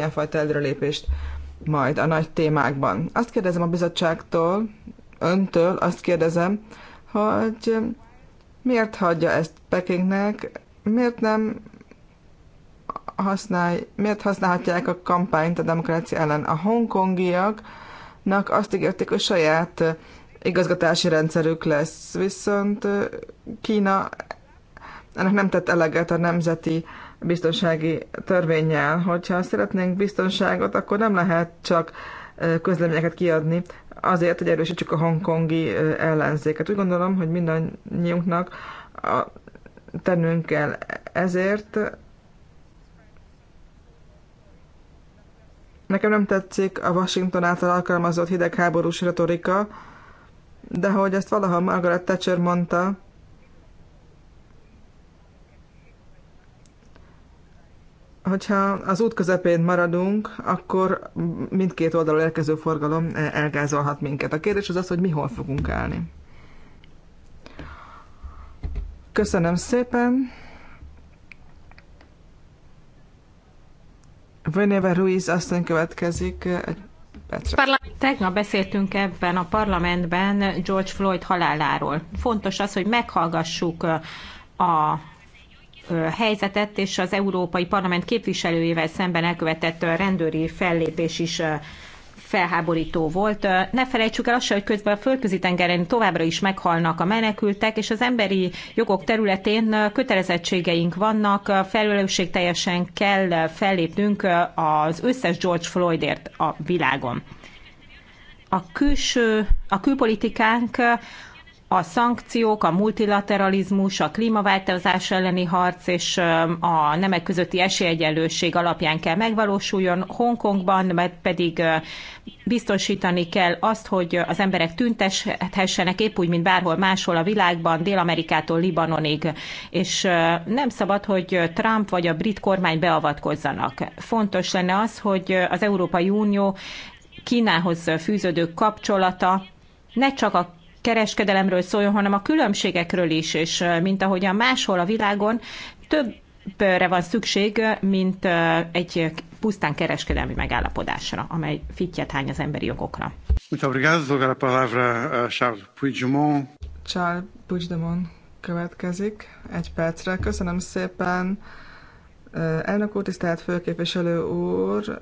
ilyenfajta előrelépést majd a nagy témákban. Azt kérdezem a bizottságtól, öntől, azt kérdezem, hogy miért hagyja ezt Pekingnek, miért nem használj, miért használhatják a kampányt a demokrácia ellen? A hongkongiaknak azt ígérték, hogy saját igazgatási rendszerük lesz, viszont Kína ennek nem tett eleget a nemzeti biztonsági törvényel. Hogyha szeretnénk biztonságot, akkor nem lehet csak közleményeket kiadni azért, hogy erősítsük a hongkongi ellenzéket. Úgy gondolom, hogy mindannyiunknak a, tennünk kell ezért. Nekem nem tetszik a Washington által alkalmazott hidegháborús retorika, de hogy ezt valaha Margaret Thatcher mondta, hogyha az út közepén maradunk, akkor mindkét oldalról érkező forgalom eh, elgázolhat minket. A kérdés az az, hogy mi hol fogunk állni. Köszönöm szépen! Veneva Ruiz aztán következik eh, Tegnap beszéltünk ebben a parlamentben George Floyd haláláról. Fontos az, hogy meghallgassuk eh, a helyzetet, és az Európai Parlament képviselőjével szemben elkövetett rendőri fellépés is felháborító volt. Ne felejtsük el azt se, hogy közben a földközi tengeren továbbra is meghalnak a menekültek, és az emberi jogok területén kötelezettségeink vannak, teljesen kell fellépnünk az összes George Floydért a világon. A külső, a külpolitikánk a szankciók, a multilateralizmus, a klímaváltozás elleni harc és a nemek közötti esélyegyenlőség alapján kell megvalósuljon. Hongkongban pedig biztosítani kell azt, hogy az emberek tüntethessenek épp úgy, mint bárhol máshol a világban, Dél-Amerikától Libanonig. És nem szabad, hogy Trump vagy a brit kormány beavatkozzanak. Fontos lenne az, hogy az Európai Unió Kínához fűződő kapcsolata ne csak a kereskedelemről szóljon, hanem a különbségekről is, és mint ahogyan máshol a világon többre van szükség, mint egy pusztán kereskedelmi megállapodásra, amely fittyet hány az emberi jogokra. Muito obrigado. Dou a palavra a Charles Puigdemont. Charles Puigdemont következik egy percre. Köszönöm szépen. Elnök úr, tisztelt főképviselő úr,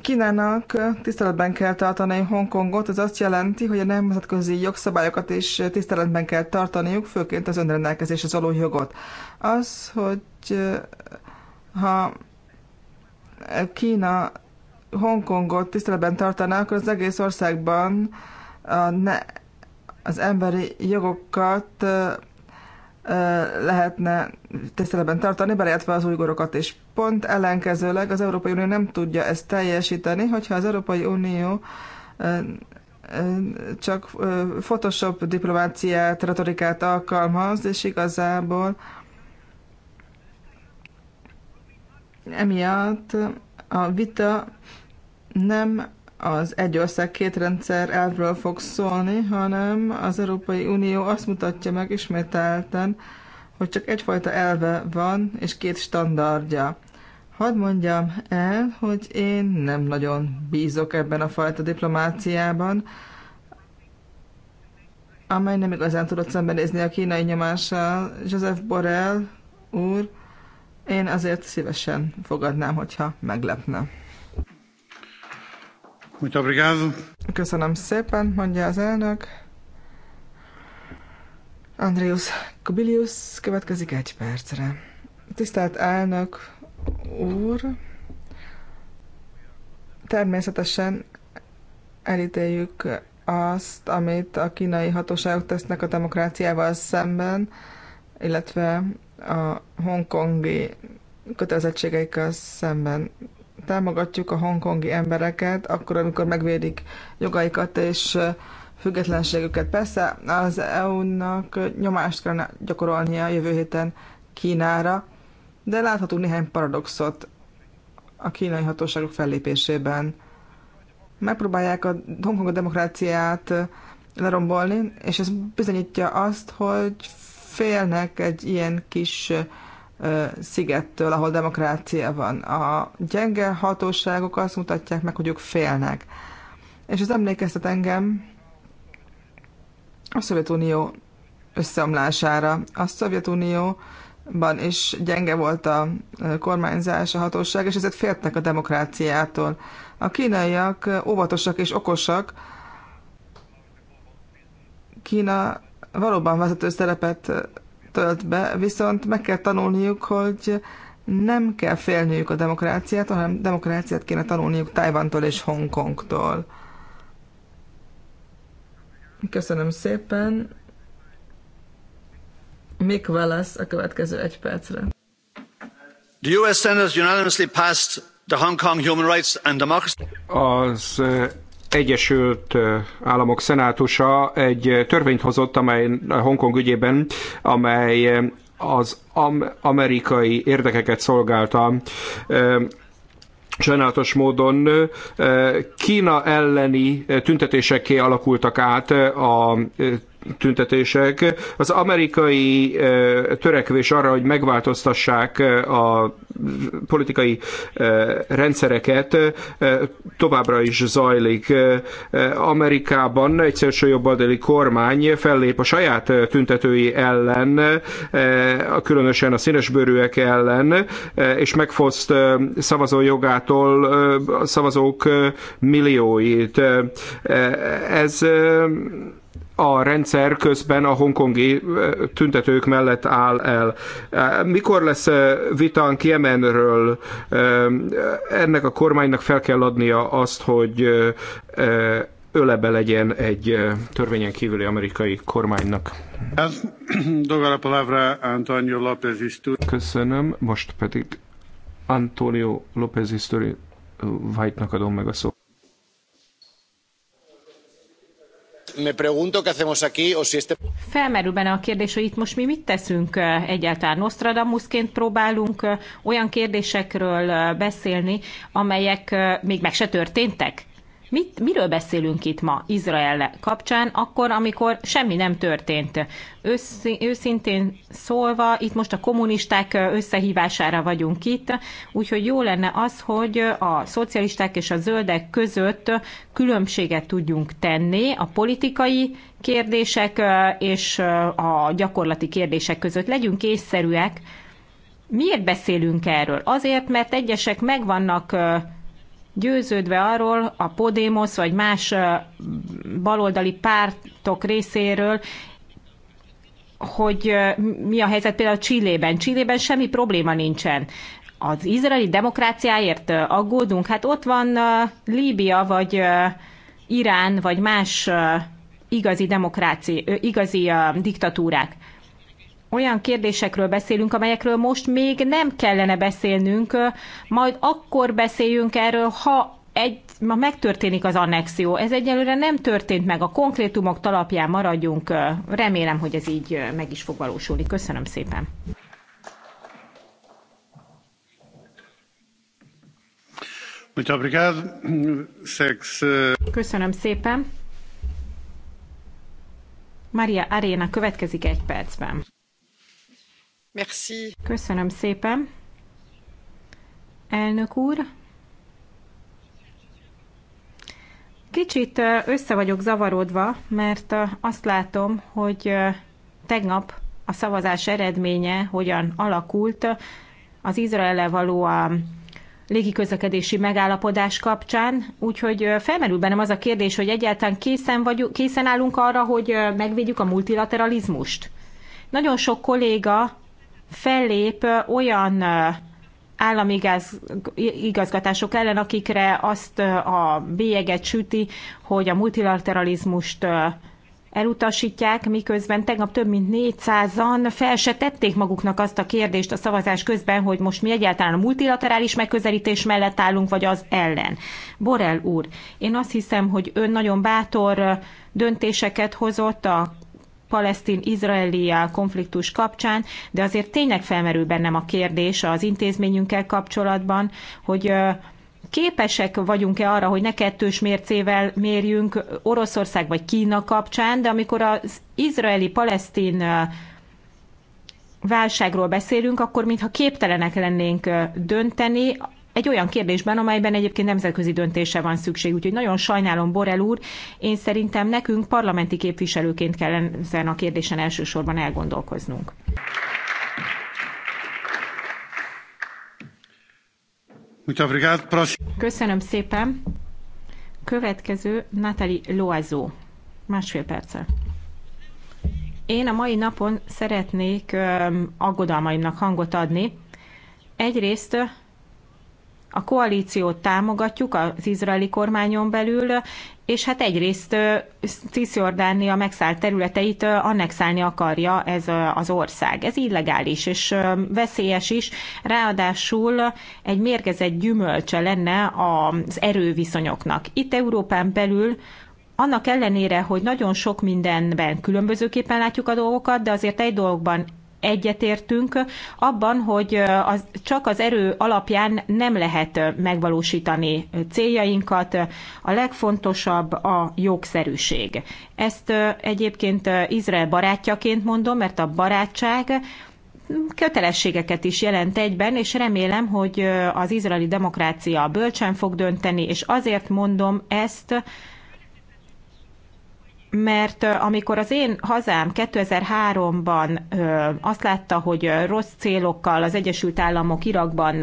Kínának tiszteletben kell tartani Hongkongot, ez azt jelenti, hogy a nemzetközi jogszabályokat is tiszteletben kell tartaniuk, főként az az való jogot. Az, hogy eh, ha Kína Hongkongot tiszteletben tartaná, akkor az egész országban a ne, az emberi jogokat eh, lehetne tiszteletben tartani, beleértve az újgorokat is. Pont ellenkezőleg az Európai Unió nem tudja ezt teljesíteni, hogyha az Európai Unió csak Photoshop diplomáciát, retorikát alkalmaz, és igazából emiatt a vita nem az egy ország két rendszer elvről fog szólni, hanem az Európai Unió azt mutatja meg ismételten, hogy csak egyfajta elve van, és két standardja. Hadd mondjam el, hogy én nem nagyon bízok ebben a fajta diplomáciában, amely nem igazán tudott szembenézni a kínai nyomással. Joseph Borrell úr, én azért szívesen fogadnám, hogyha meglepne. Muito obrigado. Köszönöm szépen, mondja az elnök. Andrius Kubilius következik egy percre. Tisztelt elnök úr, természetesen elítéljük azt, amit a kínai hatóságok tesznek a demokráciával szemben, illetve a hongkongi kötelezettségeikkel szemben támogatjuk a hongkongi embereket, akkor, amikor megvédik jogaikat és függetlenségüket. Persze az EU-nak nyomást kellene gyakorolnia jövő héten Kínára, de láthatunk néhány paradoxot a kínai hatóságok fellépésében. Megpróbálják a Hongkong demokráciát lerombolni, és ez bizonyítja azt, hogy félnek egy ilyen kis szigettől, ahol demokrácia van. A gyenge hatóságok azt mutatják meg, hogy ők félnek. És ez emlékeztet engem a Szovjetunió összeomlására. A Szovjetunióban is gyenge volt a kormányzás, a hatóság, és ezért féltek a demokráciától. A kínaiak óvatosak és okosak. Kína valóban vezető szerepet tölt be, viszont meg kell tanulniuk, hogy nem kell félniük a demokráciát, hanem demokráciát kéne tanulniuk Tajvantól és Hongkongtól. Köszönöm szépen. Mik Wallace a következő egy percre. The US Senate unanimously passed the Hong Kong Human Rights and Democracy. Az eh, Egyesült Államok Szenátusa egy törvényt hozott, amely Hongkong ügyében, amely az amerikai érdekeket szolgálta sajnálatos módon Kína elleni tüntetésekké alakultak át a tüntetések. Az amerikai törekvés arra, hogy megváltoztassák a politikai rendszereket, továbbra is zajlik. Amerikában egy szélsőjobboldali kormány fellép a saját tüntetői ellen, különösen a színesbőrűek ellen, és megfoszt szavazójogától szavazók millióit. Ez a rendszer közben a hongkongi eh, tüntetők mellett áll el. Eh, mikor lesz eh, vitánk Jemenről? Ennek a kormánynak fel kell adnia azt, hogy ölebe legyen egy törvényen kívüli amerikai kormánynak. Köszönöm, most pedig Antonio López Istori White-nak adom meg a szót. Felmerül benne a kérdés, hogy itt most mi mit teszünk eh, egyáltalán. Nostradamusként próbálunk eh, olyan kérdésekről eh, beszélni, amelyek még meg se történtek. Mit, miről beszélünk itt ma Izrael kapcsán, akkor, amikor semmi nem történt? Összi, őszintén szólva, itt most a kommunisták összehívására vagyunk itt, úgyhogy jó lenne az, hogy a szocialisták és a zöldek között különbséget tudjunk tenni a politikai kérdések és a gyakorlati kérdések között. Legyünk észszerűek. Miért beszélünk erről? Azért, mert egyesek meg vannak győződve arról a Podemos vagy más baloldali pártok részéről, hogy mi a helyzet például Csillében. Csillében semmi probléma nincsen. Az izraeli demokráciáért aggódunk? Hát ott van Líbia, vagy Irán, vagy más igazi demokráci, igazi diktatúrák olyan kérdésekről beszélünk, amelyekről most még nem kellene beszélnünk, majd akkor beszéljünk erről, ha egy, ma megtörténik az annexió. Ez egyelőre nem történt meg, a konkrétumok talapján maradjunk. Remélem, hogy ez így meg is fog valósulni. Köszönöm szépen. Köszönöm szépen. Maria Arena következik egy percben. Merci. Köszönöm szépen. Elnök úr, Kicsit össze vagyok zavarodva, mert azt látom, hogy tegnap a szavazás eredménye hogyan alakult az Izrael való a légiközlekedési megállapodás kapcsán, úgyhogy felmerül bennem az a kérdés, hogy egyáltalán készen, vagyunk, készen állunk arra, hogy megvédjük a multilateralizmust. Nagyon sok kolléga fellép olyan állami igaz, igazgatások ellen, akikre azt a bélyeget süti, hogy a multilateralizmust elutasítják, miközben tegnap több mint 400-an fel se tették maguknak azt a kérdést a szavazás közben, hogy most mi egyáltalán a multilaterális megközelítés mellett állunk, vagy az ellen. Borel úr, én azt hiszem, hogy ön nagyon bátor döntéseket hozott a palesztin-izraeli konfliktus kapcsán, de azért tényleg felmerül bennem a kérdés az intézményünkkel kapcsolatban, hogy képesek vagyunk-e arra, hogy ne kettős mércével mérjünk Oroszország vagy Kína kapcsán, de amikor az izraeli-palesztin válságról beszélünk, akkor mintha képtelenek lennénk dönteni, egy olyan kérdésben, amelyben egyébként nemzetközi döntése van szükség. Úgyhogy nagyon sajnálom, Borel úr, én szerintem nekünk parlamenti képviselőként kell ezen a kérdésen elsősorban elgondolkoznunk. Köszönöm szépen. Következő Nathalie Loazó. Másfél perce. Én a mai napon szeretnék aggodalmaimnak hangot adni. Egyrészt a koalíciót támogatjuk az izraeli kormányon belül, és hát egyrészt Cisjordánia megszállt területeit annexálni akarja ez az ország. Ez illegális és veszélyes is, ráadásul egy mérgezett gyümölcse lenne az erőviszonyoknak. Itt Európán belül annak ellenére, hogy nagyon sok mindenben különbözőképpen látjuk a dolgokat, de azért egy dologban egyetértünk abban, hogy az, csak az erő alapján nem lehet megvalósítani céljainkat. A legfontosabb a jogszerűség. Ezt egyébként Izrael barátjaként mondom, mert a barátság kötelességeket is jelent egyben, és remélem, hogy az izraeli demokrácia bölcsen fog dönteni, és azért mondom ezt, mert amikor az én hazám 2003-ban azt látta, hogy rossz célokkal az Egyesült Államok Irakban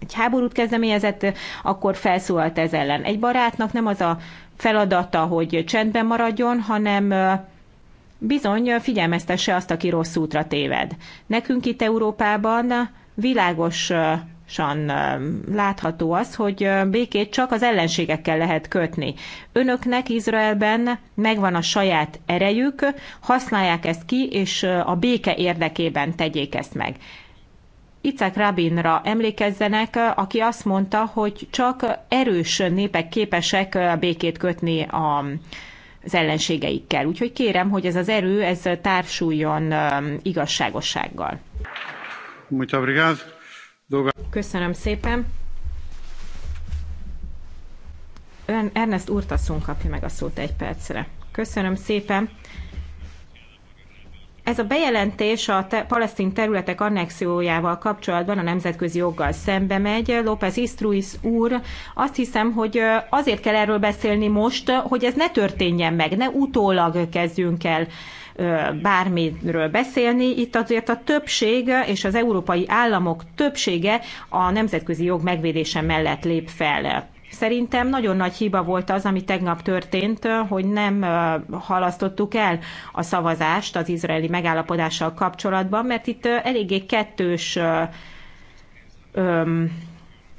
egy háborút kezdeményezett, akkor felszólalt ez ellen. Egy barátnak nem az a feladata, hogy csendben maradjon, hanem bizony figyelmeztesse azt, aki rossz útra téved. Nekünk itt Európában világos világosan látható az, hogy békét csak az ellenségekkel lehet kötni. Önöknek Izraelben megvan a saját erejük, használják ezt ki, és a béke érdekében tegyék ezt meg. Icek Rabinra emlékezzenek, aki azt mondta, hogy csak erős népek képesek békét kötni a az ellenségeikkel. Úgyhogy kérem, hogy ez az erő, ez társuljon igazságossággal. Muito obrigado. Köszönöm szépen. Ön Ernest Urtaszun kapja meg a szót egy percre. Köszönöm szépen. Ez a bejelentés a te- palesztin területek annexiójával kapcsolatban a nemzetközi joggal szembe megy. López Istruis úr, azt hiszem, hogy azért kell erről beszélni most, hogy ez ne történjen meg, ne utólag kezdjünk el bármiről beszélni. Itt azért a többség és az európai államok többsége a nemzetközi jog megvédése mellett lép fel. Szerintem nagyon nagy hiba volt az, ami tegnap történt, hogy nem halasztottuk el a szavazást az izraeli megállapodással kapcsolatban, mert itt eléggé kettős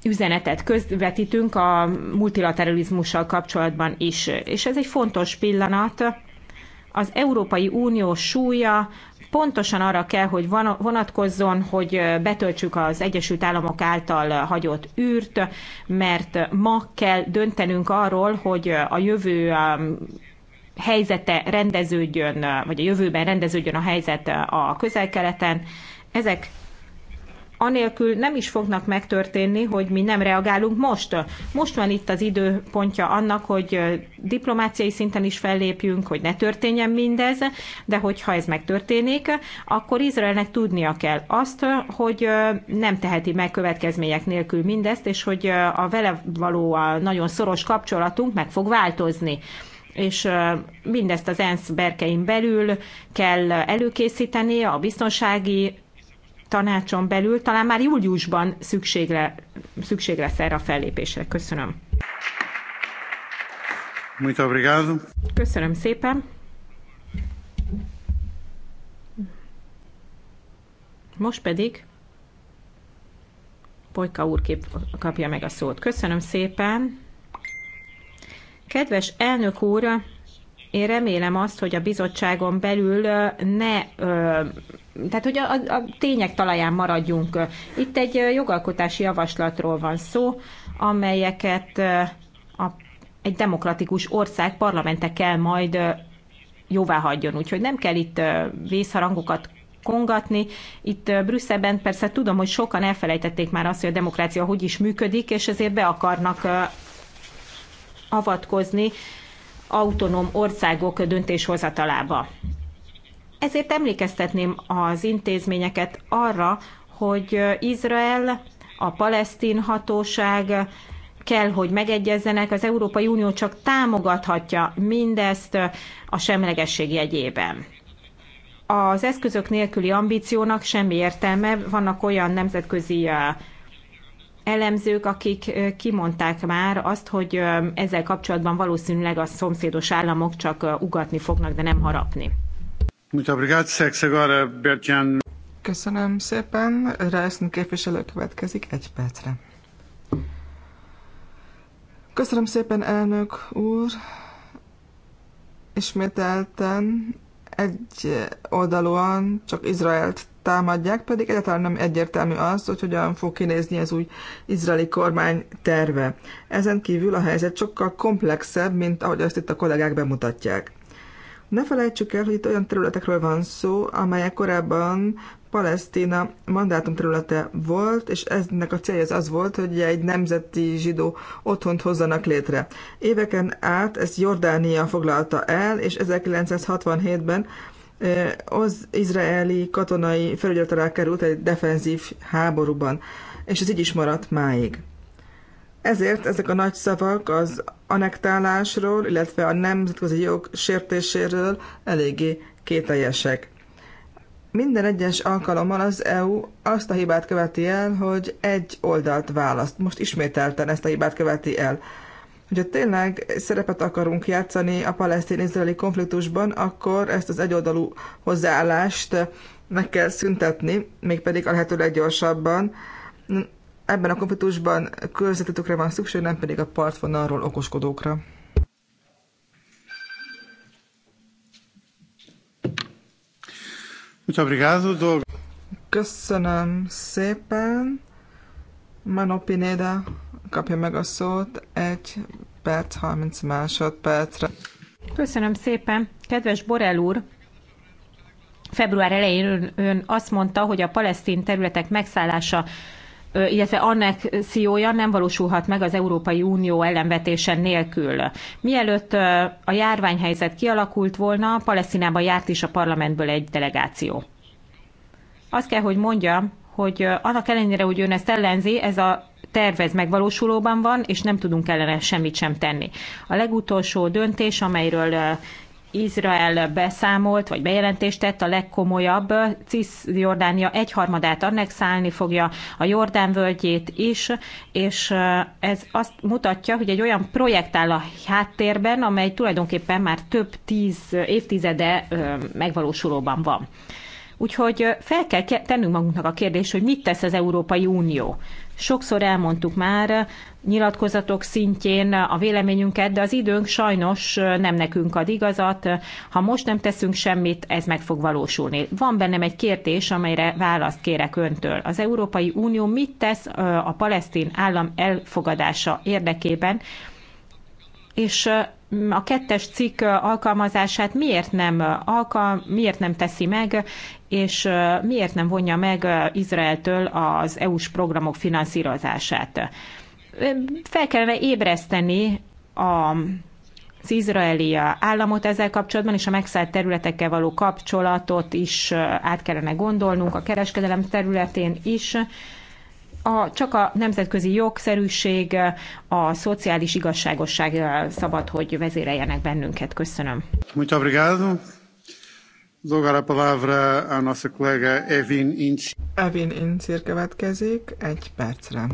üzenetet közvetítünk a multilateralizmussal kapcsolatban is. És ez egy fontos pillanat, az Európai Unió súlya pontosan arra kell, hogy vonatkozzon, hogy betöltsük az Egyesült Államok által hagyott űrt, mert ma kell döntenünk arról, hogy a jövő helyzete rendeződjön, vagy a jövőben rendeződjön a helyzet a közel-keleten. Ezek anélkül nem is fognak megtörténni, hogy mi nem reagálunk most. Most van itt az időpontja annak, hogy diplomáciai szinten is fellépjünk, hogy ne történjen mindez, de hogyha ez megtörténik, akkor Izraelnek tudnia kell azt, hogy nem teheti meg következmények nélkül mindezt, és hogy a vele való a nagyon szoros kapcsolatunk meg fog változni és mindezt az ENSZ berkein belül kell előkészíteni a biztonsági tanácson belül talán már júliusban szükség, le, szükség lesz erre a fellépésre. Köszönöm. Muito obrigado. Köszönöm szépen. Most pedig Bojka úr kép, kapja meg a szót. Köszönöm szépen. Kedves elnök úr, én remélem azt, hogy a bizottságon belül ne, tehát hogy a, a tények talaján maradjunk. Itt egy jogalkotási javaslatról van szó, amelyeket a, egy demokratikus ország parlamente kell majd jóvá hagyjon. Úgyhogy nem kell itt vészharangokat kongatni. Itt Brüsszelben persze tudom, hogy sokan elfelejtették már azt, hogy a demokrácia hogy is működik, és ezért be akarnak avatkozni autonóm országok döntéshozatalába. Ezért emlékeztetném az intézményeket arra, hogy Izrael, a palesztin hatóság kell, hogy megegyezzenek, az Európai Unió csak támogathatja mindezt a semlegesség jegyében az eszközök nélküli ambíciónak semmi értelme. Vannak olyan nemzetközi elemzők, akik kimondták már azt, hogy ezzel kapcsolatban valószínűleg a szomszédos államok csak ugatni fognak, de nem harapni. Köszönöm szépen. Rászunk képviselő következik egy percre. Köszönöm szépen, elnök úr. Ismételten egy oldalúan csak Izraelt támadják, pedig egyáltalán nem egyértelmű az, hogy hogyan fog kinézni az új izraeli kormány terve. Ezen kívül a helyzet sokkal komplexebb, mint ahogy azt itt a kollégák bemutatják. Ne felejtsük el, hogy itt olyan területekről van szó, amelyek korábban Palesztina mandátum területe volt, és eznek a célja az az volt, hogy egy nemzeti zsidó otthont hozzanak létre. Éveken át ezt Jordánia foglalta el, és 1967-ben az izraeli katonai alá került egy defenzív háborúban, és ez így is maradt máig. Ezért ezek a nagy szavak az anektálásról, illetve a nemzetközi jog sértéséről eléggé kételjesek. Minden egyes alkalommal az EU azt a hibát követi el, hogy egy oldalt választ. Most ismételten ezt a hibát követi el. Hogyha tényleg szerepet akarunk játszani a palesztin-izraeli konfliktusban, akkor ezt az egyoldalú hozzáállást meg kell szüntetni, mégpedig a lehető leggyorsabban ebben a konfliktusban közvetítőkre van szükség, nem pedig a partvonalról okoskodókra. Köszönöm szépen. Mano Pineda kapja meg a szót egy perc, 30 másodpercre. Köszönöm szépen. Kedves Borel úr, február elején ön azt mondta, hogy a palesztin területek megszállása illetve annexiója e nem valósulhat meg az Európai Unió ellenvetése nélkül. Mielőtt a járványhelyzet kialakult volna, Palesztinában járt is a parlamentből egy delegáció. Azt kell, hogy mondjam, hogy annak ellenére, hogy ön ezt ellenzi, ez a tervez megvalósulóban van, és nem tudunk ellene semmit sem tenni. A legutolsó döntés, amelyről Izrael beszámolt, vagy bejelentést tett, a legkomolyabb Cisjordánia egyharmadát annexálni fogja a Jordán völgyét is, és ez azt mutatja, hogy egy olyan projekt áll a háttérben, amely tulajdonképpen már több tíz évtizede megvalósulóban van. Úgyhogy fel kell tennünk magunknak a kérdést, hogy mit tesz az Európai Unió. Sokszor elmondtuk már nyilatkozatok szintjén a véleményünket, de az időnk sajnos nem nekünk ad igazat. Ha most nem teszünk semmit, ez meg fog valósulni. Van bennem egy kérdés, amelyre választ kérek öntől. Az Európai Unió mit tesz a palesztin állam elfogadása érdekében, és a kettes cikk alkalmazását miért nem, alkal, miért nem teszi meg, és miért nem vonja meg Izraeltől az EU-s programok finanszírozását. Fel kellene ébreszteni a az izraeli államot ezzel kapcsolatban, és a megszállt területekkel való kapcsolatot is át kellene gondolnunk, a kereskedelem területén is. A, csak a nemzetközi jogszerűség, a szociális igazságosság szabad, hogy vezéreljenek bennünket. Köszönöm. Muito obrigado. Dou agora a palavra à nossa colega Evin Evin következik egy percre.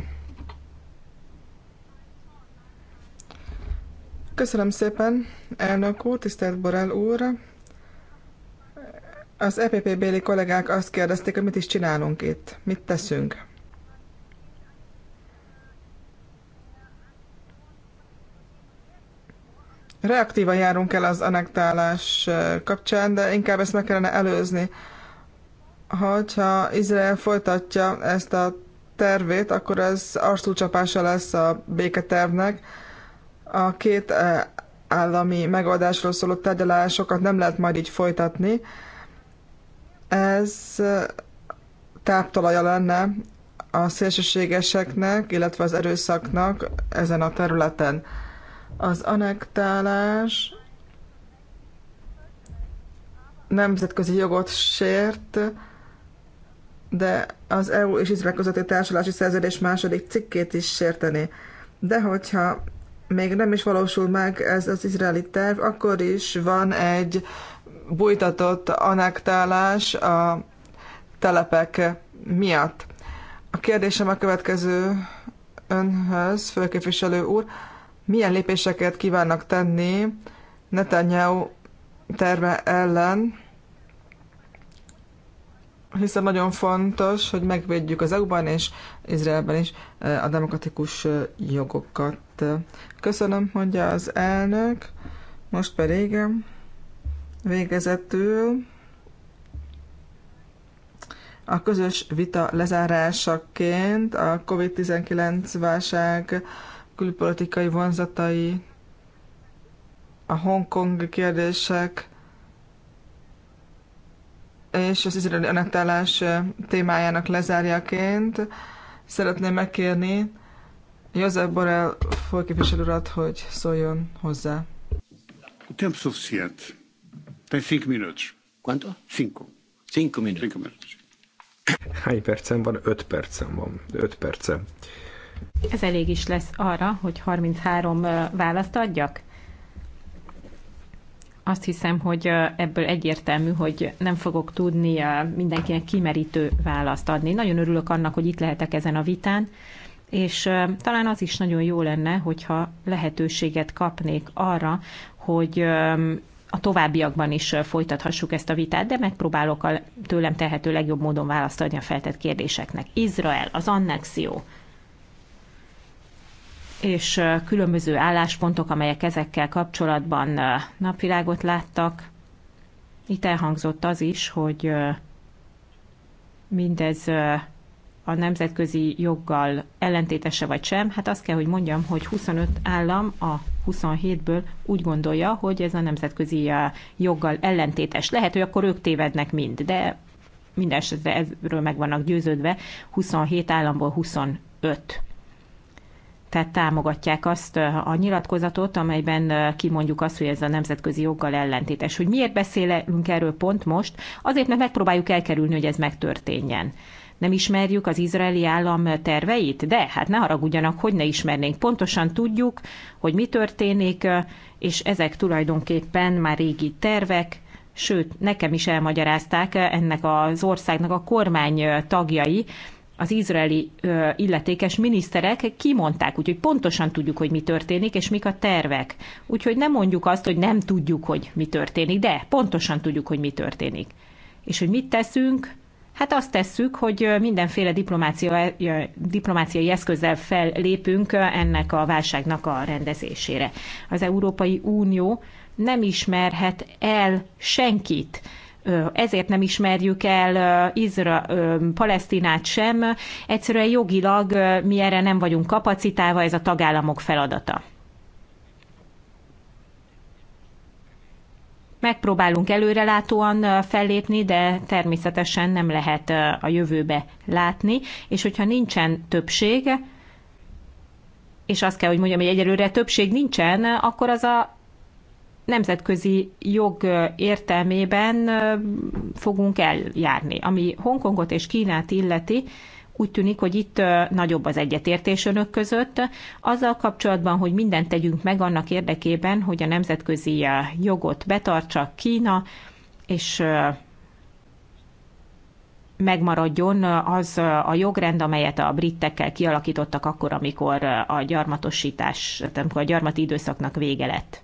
Köszönöm szépen, elnök úr, tisztelt Borel úr. Az EPP béli kollégák azt kérdezték, hogy mit is csinálunk itt, mit teszünk. reaktívan járunk el az anektálás kapcsán, de inkább ezt meg kellene előzni. Hogyha Izrael folytatja ezt a tervét, akkor ez arcúcsapása lesz a béketervnek. A két állami megoldásról szóló tárgyalásokat nem lehet majd így folytatni. Ez táptalaja lenne a szélsőségeseknek, illetve az erőszaknak ezen a területen. Az anektálás nemzetközi jogot sért, de az EU és Izrael közötti társulási szerződés második cikkét is sérteni. De hogyha még nem is valósul meg ez az izraeli terv, akkor is van egy bújtatott anektálás a telepek miatt. A kérdésem a következő önhöz, főképviselő úr milyen lépéseket kívánnak tenni Netanyahu terve ellen, hiszen nagyon fontos, hogy megvédjük az EU-ban és Izraelben is eh, a demokratikus eh, jogokat. Köszönöm, mondja az elnök. Most pedig végezetül a közös vita lezárásaként a COVID-19 válság külpolitikai vonzatai, a Hongkong kérdések és az izraeli annektálás témájának lezárjaként szeretném megkérni József Borrell főképviselő urat, hogy szóljon hozzá. Tempo suficiente. Tem cinco minutos. Quanto? Cinco. Cinco minutos. Cinco minutos. Hány percem van? Öt percem van. Öt percem. Ez elég is lesz arra, hogy 33 választ adjak? Azt hiszem, hogy ebből egyértelmű, hogy nem fogok tudni mindenkinek kimerítő választ adni. Nagyon örülök annak, hogy itt lehetek ezen a vitán, és talán az is nagyon jó lenne, hogyha lehetőséget kapnék arra, hogy a továbbiakban is folytathassuk ezt a vitát, de megpróbálok a tőlem tehető legjobb módon választ adni a feltett kérdéseknek. Izrael, az annexió, és különböző álláspontok, amelyek ezekkel kapcsolatban napvilágot láttak. Itt elhangzott az is, hogy mindez a nemzetközi joggal ellentétese vagy sem, hát azt kell, hogy mondjam, hogy 25 állam a 27-ből úgy gondolja, hogy ez a nemzetközi joggal ellentétes. Lehet, hogy akkor ők tévednek mind, de minden esetre ezről meg vannak győződve, 27 államból 25 tehát támogatják azt a nyilatkozatot, amelyben kimondjuk azt, hogy ez a nemzetközi joggal ellentétes. Hogy miért beszélünk erről pont most? Azért, mert megpróbáljuk elkerülni, hogy ez megtörténjen. Nem ismerjük az izraeli állam terveit? De hát ne haragudjanak, hogy ne ismernénk. Pontosan tudjuk, hogy mi történik, és ezek tulajdonképpen már régi tervek, sőt, nekem is elmagyarázták ennek az országnak a kormány tagjai, az izraeli illetékes miniszterek kimondták, úgyhogy pontosan tudjuk, hogy mi történik, és mik a tervek. Úgyhogy nem mondjuk azt, hogy nem tudjuk, hogy mi történik, de pontosan tudjuk, hogy mi történik. És hogy mit teszünk, Hát azt tesszük, hogy mindenféle diplomáciai, diplomáciai eszközzel fellépünk ennek a válságnak a rendezésére. Az Európai Unió nem ismerhet el senkit, ezért nem ismerjük el Izra, Palesztinát sem. Egyszerűen jogilag mi erre nem vagyunk kapacitálva, ez a tagállamok feladata. Megpróbálunk előrelátóan fellépni, de természetesen nem lehet a jövőbe látni, és hogyha nincsen többség, és azt kell, hogy mondjam, hogy egyelőre többség nincsen, akkor az a nemzetközi jog értelmében fogunk eljárni. Ami Hongkongot és Kínát illeti, úgy tűnik, hogy itt nagyobb az egyetértés önök között, azzal kapcsolatban, hogy mindent tegyünk meg annak érdekében, hogy a nemzetközi jogot betartsa Kína, és megmaradjon az a jogrend, amelyet a britekkel kialakítottak akkor, amikor a gyarmatosítás, amikor a gyarmati időszaknak vége lett.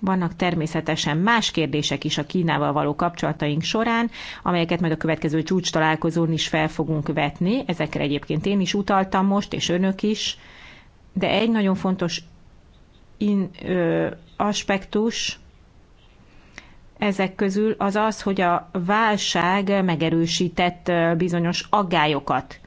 Vannak természetesen más kérdések is a Kínával való kapcsolataink során, amelyeket majd a következő csúcs találkozón is fel fogunk vetni. Ezekre egyébként én is utaltam most, és önök is. De egy nagyon fontos in, ö, aspektus ezek közül az az, hogy a válság megerősített bizonyos aggályokat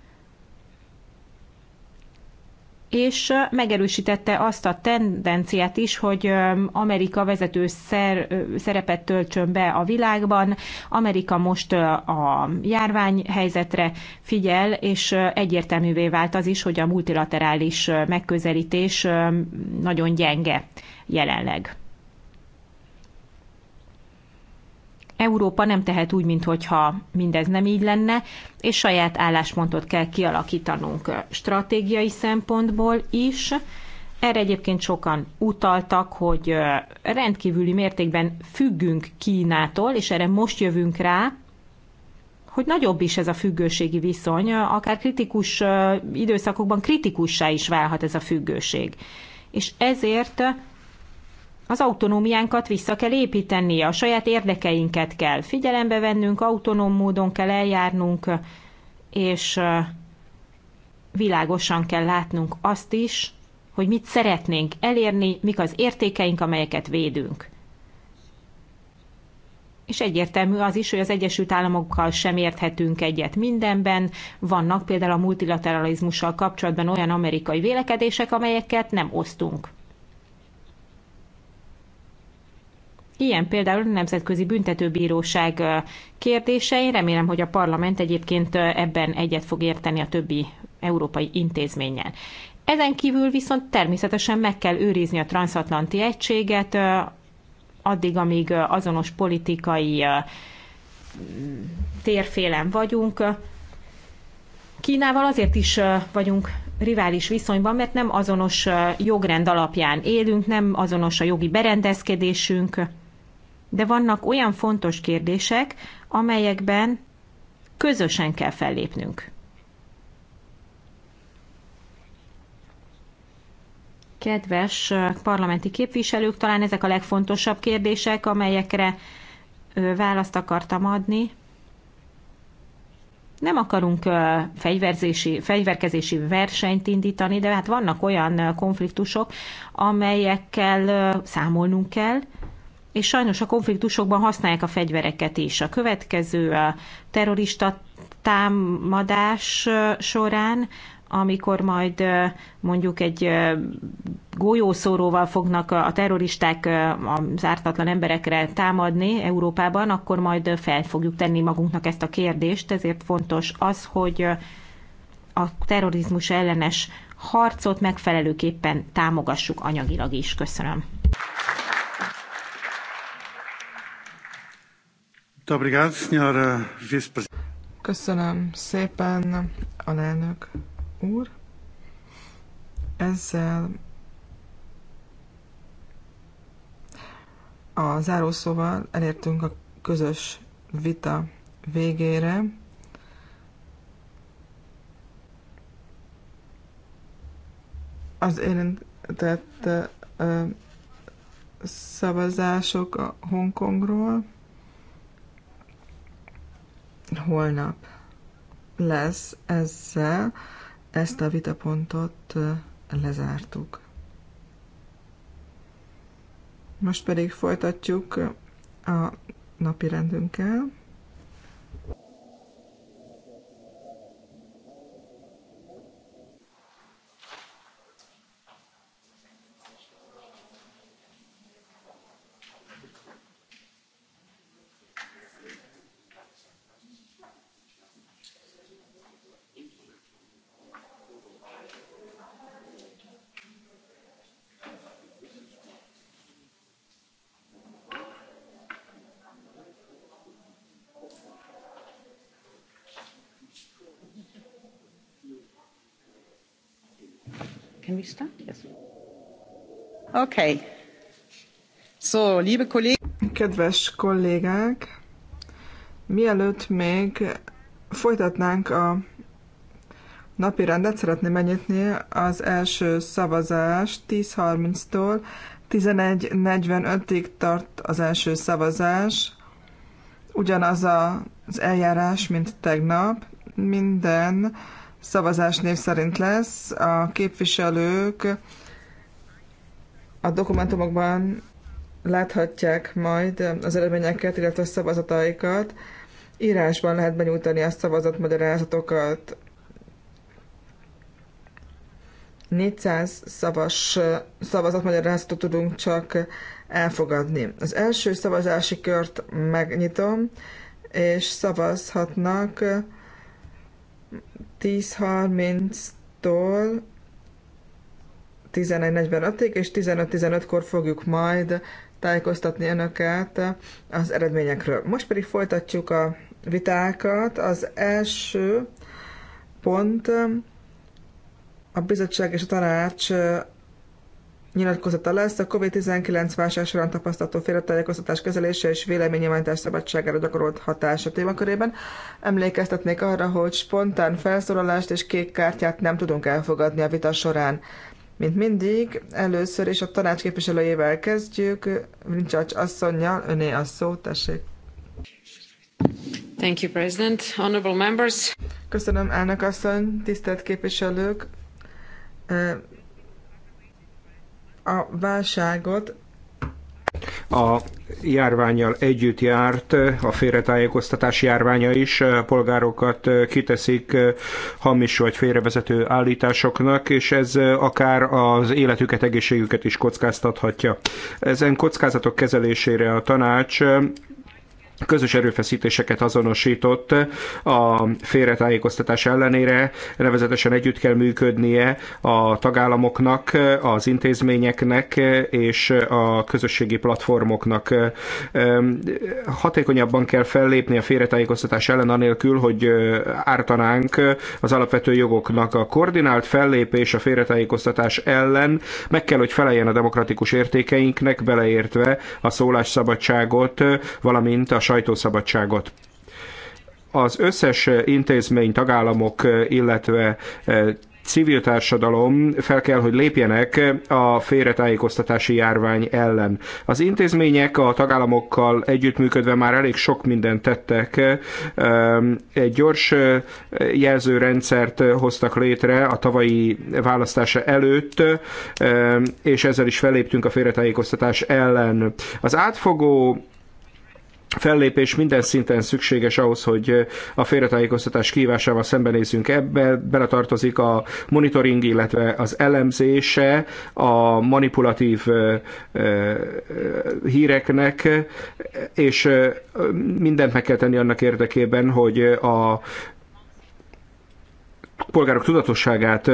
és megerősítette azt a tendenciát is, hogy Amerika vezető szer, szerepet töltsön be a világban. Amerika most a járványhelyzetre figyel, és egyértelművé vált az is, hogy a multilaterális megközelítés nagyon gyenge jelenleg. Európa nem tehet úgy, mintha mindez nem így lenne, és saját álláspontot kell kialakítanunk stratégiai szempontból is. Erre egyébként sokan utaltak, hogy rendkívüli mértékben függünk Kínától, és erre most jövünk rá, hogy nagyobb is ez a függőségi viszony, akár kritikus időszakokban kritikussá is válhat ez a függőség. És ezért az autonómiánkat vissza kell építeni, a saját érdekeinket kell figyelembe vennünk, autonóm módon kell eljárnunk, és világosan kell látnunk azt is, hogy mit szeretnénk elérni, mik az értékeink, amelyeket védünk. És egyértelmű az is, hogy az Egyesült Államokkal sem érthetünk egyet mindenben. Vannak például a multilateralizmussal kapcsolatban olyan amerikai vélekedések, amelyeket nem osztunk. Ilyen például a Nemzetközi Büntetőbíróság kérdései. Remélem, hogy a parlament egyébként ebben egyet fog érteni a többi európai intézménnyel. Ezen kívül viszont természetesen meg kell őrizni a transatlanti egységet, addig, amíg azonos politikai térfélen vagyunk. Kínával azért is vagyunk rivális viszonyban, mert nem azonos jogrend alapján élünk, nem azonos a jogi berendezkedésünk, de vannak olyan fontos kérdések, amelyekben közösen kell fellépnünk. Kedves parlamenti képviselők, talán ezek a legfontosabb kérdések, amelyekre választ akartam adni. Nem akarunk fegyverzési, fegyverkezési versenyt indítani, de hát vannak olyan konfliktusok, amelyekkel számolnunk kell, és sajnos a konfliktusokban használják a fegyvereket is. A következő a terrorista támadás során, amikor majd mondjuk egy golyószóróval fognak a terroristák az ártatlan emberekre támadni Európában, akkor majd fel fogjuk tenni magunknak ezt a kérdést. Ezért fontos az, hogy a terrorizmus ellenes harcot megfelelőképpen támogassuk anyagilag is. Köszönöm. Köszönöm szépen, alelnök úr. Ezzel a zárószóval elértünk a közös vita végére. Az érintett szavazások a Hongkongról holnap lesz ezzel. Ezt a vitapontot lezártuk. Most pedig folytatjuk a napi rendünkkel. Can we start? Yes. Okay. So, liebe Kolleg Kedves kollégák, mielőtt még folytatnánk a napi rendet, szeretném megnyitni az első szavazást 10.30-tól 11.45-ig tart az első szavazás. Ugyanaz az eljárás, mint tegnap. Minden szavazás név szerint lesz. A képviselők a dokumentumokban láthatják majd az eredményeket, illetve a szavazataikat. Írásban lehet benyújtani a szavazatmagyarázatokat. 400 szavas, szavazatmagyarázatot tudunk csak elfogadni. Az első szavazási kört megnyitom, és szavazhatnak 10.30-tól 11.45-ig, és 15.15-kor fogjuk majd tájékoztatni önöket az eredményekről. Most pedig folytatjuk a vitákat. Az első pont a bizottság és a tanács nyilatkozata lesz a COVID-19 válság során tapasztalható félretájékoztatás kezelése és véleménynyilvánítás szabadságára gyakorolt hatása témakörében. Emlékeztetnék arra, hogy spontán felszólalást és kék kártyát nem tudunk elfogadni a vita során. Mint mindig, először is a tanács képviselőjével kezdjük. Rincsacs asszonynal, öné a szó, tessék. Thank you, President. Honorable members. Köszönöm, elnök asszony, tisztelt képviselők a válságot a járványjal együtt járt, a félretájékoztatás járványa is, polgárokat kiteszik hamis vagy félrevezető állításoknak, és ez akár az életüket, egészségüket is kockáztathatja. Ezen kockázatok kezelésére a tanács közös erőfeszítéseket azonosított a félretájékoztatás ellenére, nevezetesen együtt kell működnie a tagállamoknak, az intézményeknek és a közösségi platformoknak. Hatékonyabban kell fellépni a félretájékoztatás ellen, anélkül, hogy ártanánk az alapvető jogoknak. A koordinált fellépés a félretájékoztatás ellen meg kell, hogy feleljen a demokratikus értékeinknek, beleértve a szólásszabadságot, valamint a sajtószabadságot az összes intézmény, tagállamok, illetve e, civil társadalom fel kell, hogy lépjenek a félretájékoztatási járvány ellen. Az intézmények a tagállamokkal együttműködve már elég sok mindent tettek. E, egy gyors e, jelzőrendszert hoztak létre a tavalyi választása előtt, és ezzel is feléptünk a félretájékoztatás ellen. Az átfogó fellépés minden szinten szükséges ahhoz, hogy a félretájékoztatás kívásával szembenézzünk ebbe. Beletartozik a monitoring, illetve az elemzése a manipulatív híreknek, és mindent meg kell tenni annak érdekében, hogy a polgárok tudatosságát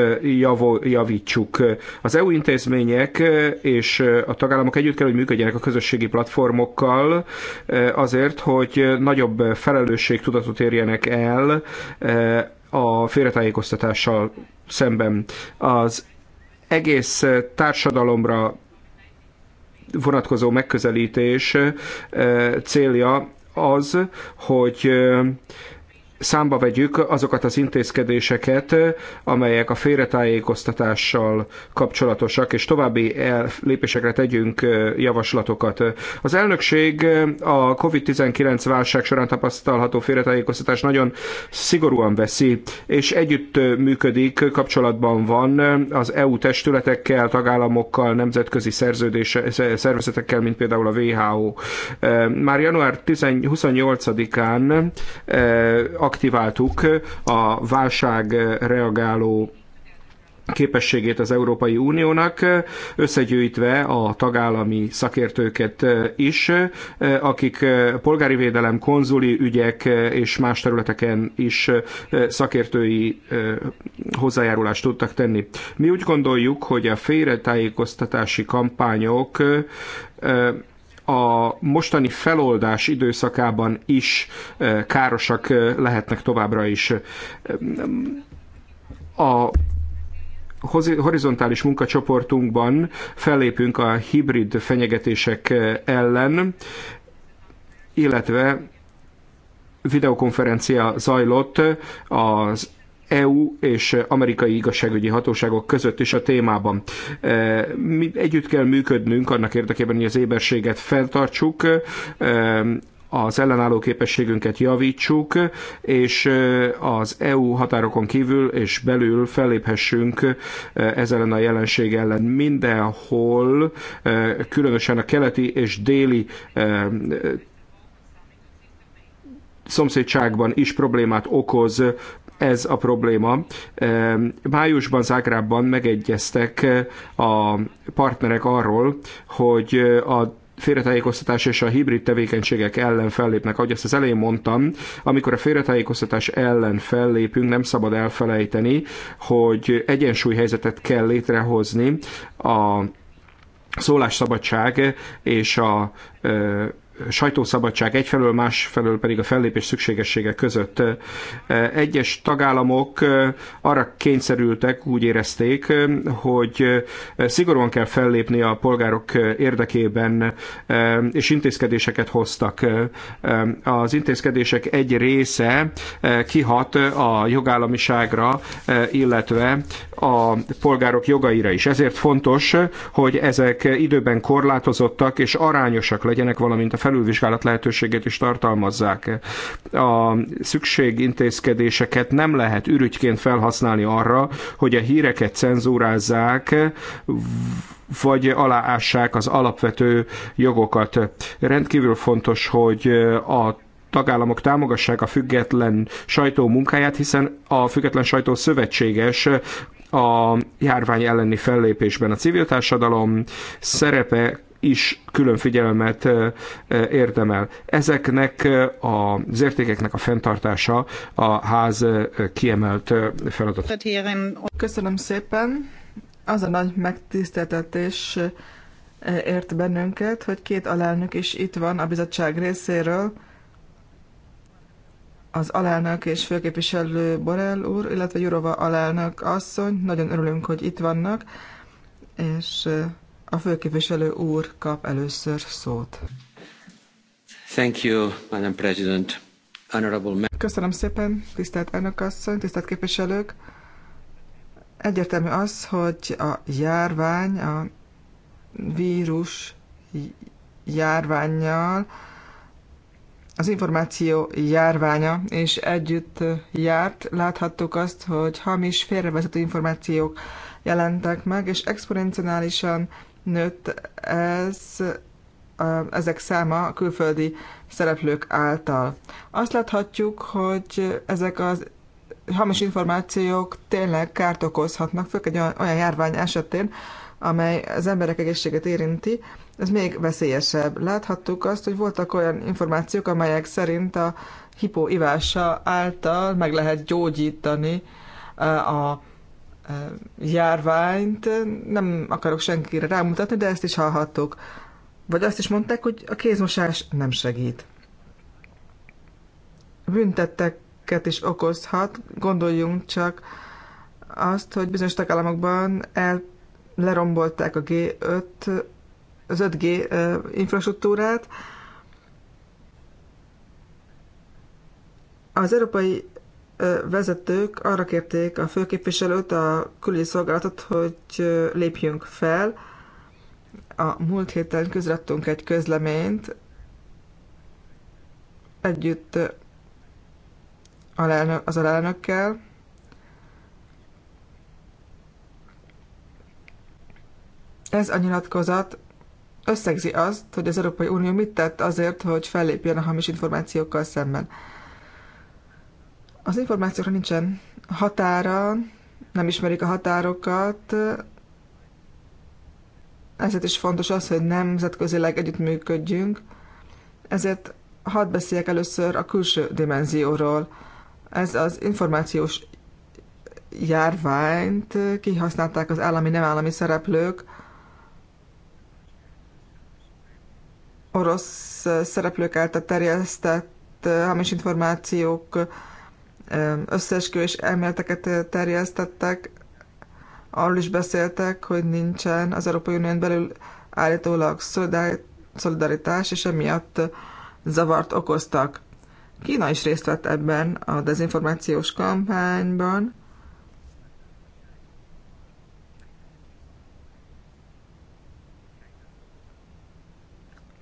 javítsuk. Az EU intézmények és a tagállamok együtt kell, hogy működjenek a közösségi platformokkal azért, hogy nagyobb tudatot érjenek el a félretájékoztatással szemben. Az egész társadalomra vonatkozó megközelítés célja az, hogy számba vegyük azokat az intézkedéseket, amelyek a félretájékoztatással kapcsolatosak, és további lépésekre tegyünk javaslatokat. Az elnökség a COVID-19 válság során tapasztalható félretájékoztatást nagyon szigorúan veszi, és együtt működik, kapcsolatban van az EU testületekkel, tagállamokkal, nemzetközi szervezetekkel, mint például a WHO. Már január 28-án aktiváltuk a válság reagáló képességét az Európai Uniónak, összegyűjtve a tagállami szakértőket is, akik polgári védelem, konzuli ügyek és más területeken is szakértői hozzájárulást tudtak tenni. Mi úgy gondoljuk, hogy a félretájékoztatási kampányok a mostani feloldás időszakában is eh, károsak eh, lehetnek továbbra is. Eh, a horizontális munkacsoportunkban fellépünk a hibrid fenyegetések ellen, illetve videokonferencia zajlott az EU és amerikai igazságügyi hatóságok között is a témában. E, mi együtt kell működnünk annak érdekében, hogy az éberséget feltartsuk, e, az ellenálló képességünket javítsuk, és e, az EU határokon kívül és belül felléphessünk ezzel ellen a jelenség ellen mindenhol, különösen a keleti és déli szomszédságban is problémát okoz ez a probléma. Májusban Zágrában megegyeztek eh, a partnerek arról, hogy eh, a félretájékoztatás és a hibrid tevékenységek ellen fellépnek. Ahogy ezt az elején mondtam, amikor a félretájékoztatás ellen fellépünk, nem szabad elfelejteni, hogy egyensúlyhelyzetet kell létrehozni a szólásszabadság és a eh, sajtószabadság egyfelől, másfelől pedig a fellépés szükségessége között. Egyes tagállamok arra kényszerültek, úgy érezték, hogy szigorúan kell fellépni a polgárok érdekében, és intézkedéseket hoztak. Az intézkedések egy része kihat a jogállamiságra, illetve a polgárok jogaira is. Ezért fontos, hogy ezek időben korlátozottak és arányosak legyenek, valamint a fel felülvizsgálat lehetőségét is tartalmazzák. A szükségintézkedéseket nem lehet ürügyként felhasználni arra, hogy a híreket cenzúrázzák, vagy aláássák az alapvető jogokat. Rendkívül fontos, hogy a tagállamok támogassák a független sajtó munkáját, hiszen a független sajtó szövetséges a járvány elleni fellépésben. A civil társadalom szerepe is külön figyelmet érdemel. Ezeknek az értékeknek a fenntartása a ház kiemelt feladat. Köszönöm szépen. Az a nagy megtiszteltetés ért bennünket, hogy két alelnök is itt van a bizottság részéről, az alelnök és főképviselő Borel úr, illetve Jurova alelnök asszony. Nagyon örülünk, hogy itt vannak, és a főképviselő úr kap először szót. Thank you, Madam President. Honorable... Köszönöm szépen, tisztelt asszony, tisztelt képviselők. Egyértelmű az, hogy a járvány, a vírus járványjal, az információ járványa, és együtt járt, láthattuk azt, hogy hamis, félrevezető információk jelentek meg, és exponenciálisan nőtt ez ezek száma a külföldi szereplők által. Azt láthatjuk, hogy ezek az hamis információk tényleg kárt okozhatnak, főleg egy olyan járvány esetén, amely az emberek egészséget érinti, ez még veszélyesebb. Láthattuk azt, hogy voltak olyan információk, amelyek szerint a hipóivása által meg lehet gyógyítani a járványt, nem akarok senkire rámutatni, de ezt is hallhattuk. Vagy azt is mondták, hogy a kézmosás nem segít. Büntetteket is okozhat, gondoljunk csak azt, hogy bizonyos tagállamokban el, lerombolták a G5, az 5G infrastruktúrát. Az Európai vezetők arra kérték a főképviselőt, a külügyi szolgálatot, hogy lépjünk fel. A múlt héten közrettünk egy közleményt, együtt az alelnökkel, Ez a nyilatkozat összegzi azt, hogy az Európai Unió mit tett azért, hogy fellépjen a hamis információkkal szemben. Az információkra nincsen határa, nem ismerik a határokat, ezért is fontos az, hogy nemzetközileg együttműködjünk, ezért hadd beszéljek először a külső dimenzióról. Ez az információs járványt kihasználták az állami nem állami szereplők, orosz szereplők által terjesztett hamis információk összeesküvés elméleteket terjesztettek, arról is beszéltek, hogy nincsen az Európai Unión belül állítólag szolidaritás, és emiatt zavart okoztak. Kína is részt vett ebben a dezinformációs kampányban.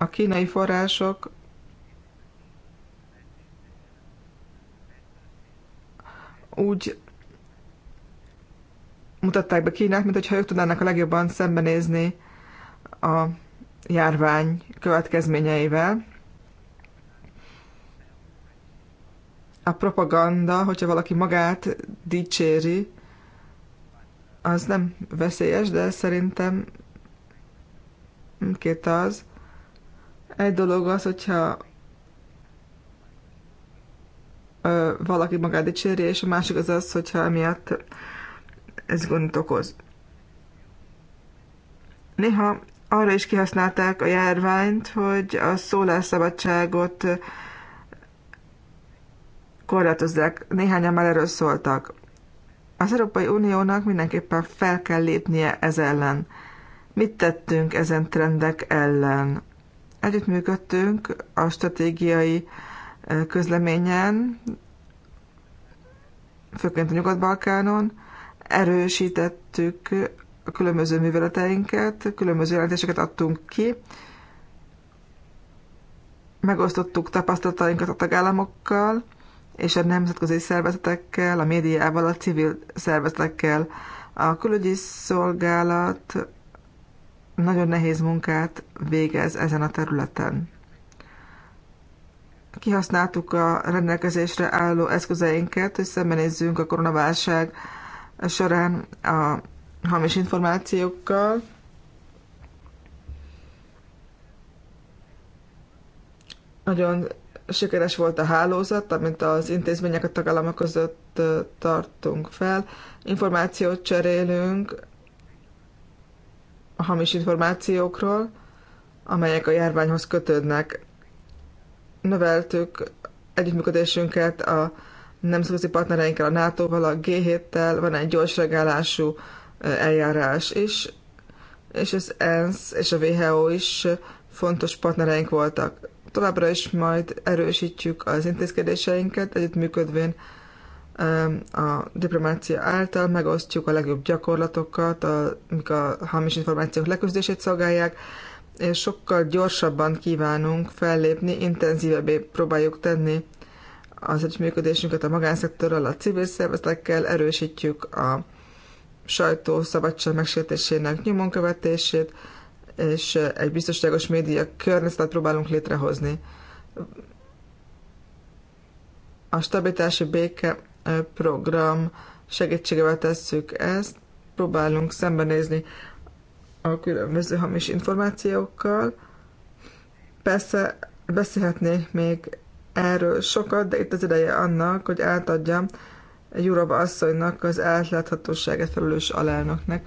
A kínai források úgy mutatták be Kínát, mint hogyha ők tudnának a legjobban szembenézni a járvány következményeivel. A propaganda, hogyha valaki magát dicséri, az nem veszélyes, de szerintem két az. Egy dolog az, hogyha valaki magát dicséri, és a másik az az, hogyha emiatt ez gondot okoz. Néha arra is kihasználták a járványt, hogy a szólásszabadságot korlátozzák. Néhányan már erről szóltak. Az Európai Uniónak mindenképpen fel kell lépnie ez ellen. Mit tettünk ezen trendek ellen? Együttműködtünk a stratégiai közleményen, főként a Nyugat-Balkánon, erősítettük a különböző műveleteinket, különböző jelentéseket adtunk ki, megosztottuk tapasztalatainkat a tagállamokkal, és a nemzetközi szervezetekkel, a médiával, a civil szervezetekkel. A külügyi szolgálat nagyon nehéz munkát végez ezen a területen kihasználtuk a rendelkezésre álló eszközeinket, hogy szembenézzünk a koronaválság során a hamis információkkal. Nagyon sikeres volt a hálózat, amit az intézmények a tagállamok között tartunk fel. Információt cserélünk a hamis információkról, amelyek a járványhoz kötődnek növeltük együttműködésünket a nemzetközi partnereinkkel, a NATO-val, a G7-tel, van egy gyors regálású eljárás is, és az ENSZ és a WHO is fontos partnereink voltak. Továbbra is majd erősítjük az intézkedéseinket, együttműködvén a diplomácia által megosztjuk a legjobb gyakorlatokat, amik a hamis információk leküzdését szolgálják, és sokkal gyorsabban kívánunk fellépni, intenzívebbé próbáljuk tenni az együttműködésünket a magánszektorral, a civil szervezetekkel, erősítjük a sajtó szabadság megsértésének nyomon követését, és egy biztonságos média környezetet próbálunk létrehozni. A stabilitási béke program segítségével tesszük ezt, próbálunk szembenézni a különböző hamis információkkal. Persze beszélhetnék még erről sokat, de itt az ideje annak, hogy átadjam Jurova asszonynak, az átláthatóságát felelős alelnöknek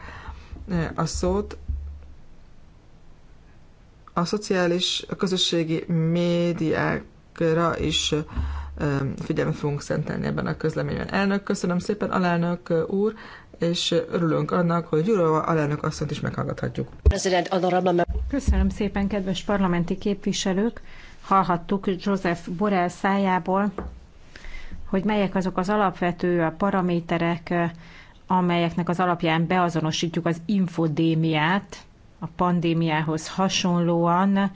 e, a szót. A szociális, a közösségi médiákra is e, figyelmet fogunk szentelni ebben a közleményben. Elnök, köszönöm szépen, alelnök úr, és örülünk annak, hogy Gyurova alelnök asszonyt is meghallgathatjuk. Köszönöm szépen, kedves parlamenti képviselők! Hallhattuk Joseph Borrell szájából, hogy melyek azok az alapvető a paraméterek, amelyeknek az alapján beazonosítjuk az infodémiát, a pandémiához hasonlóan,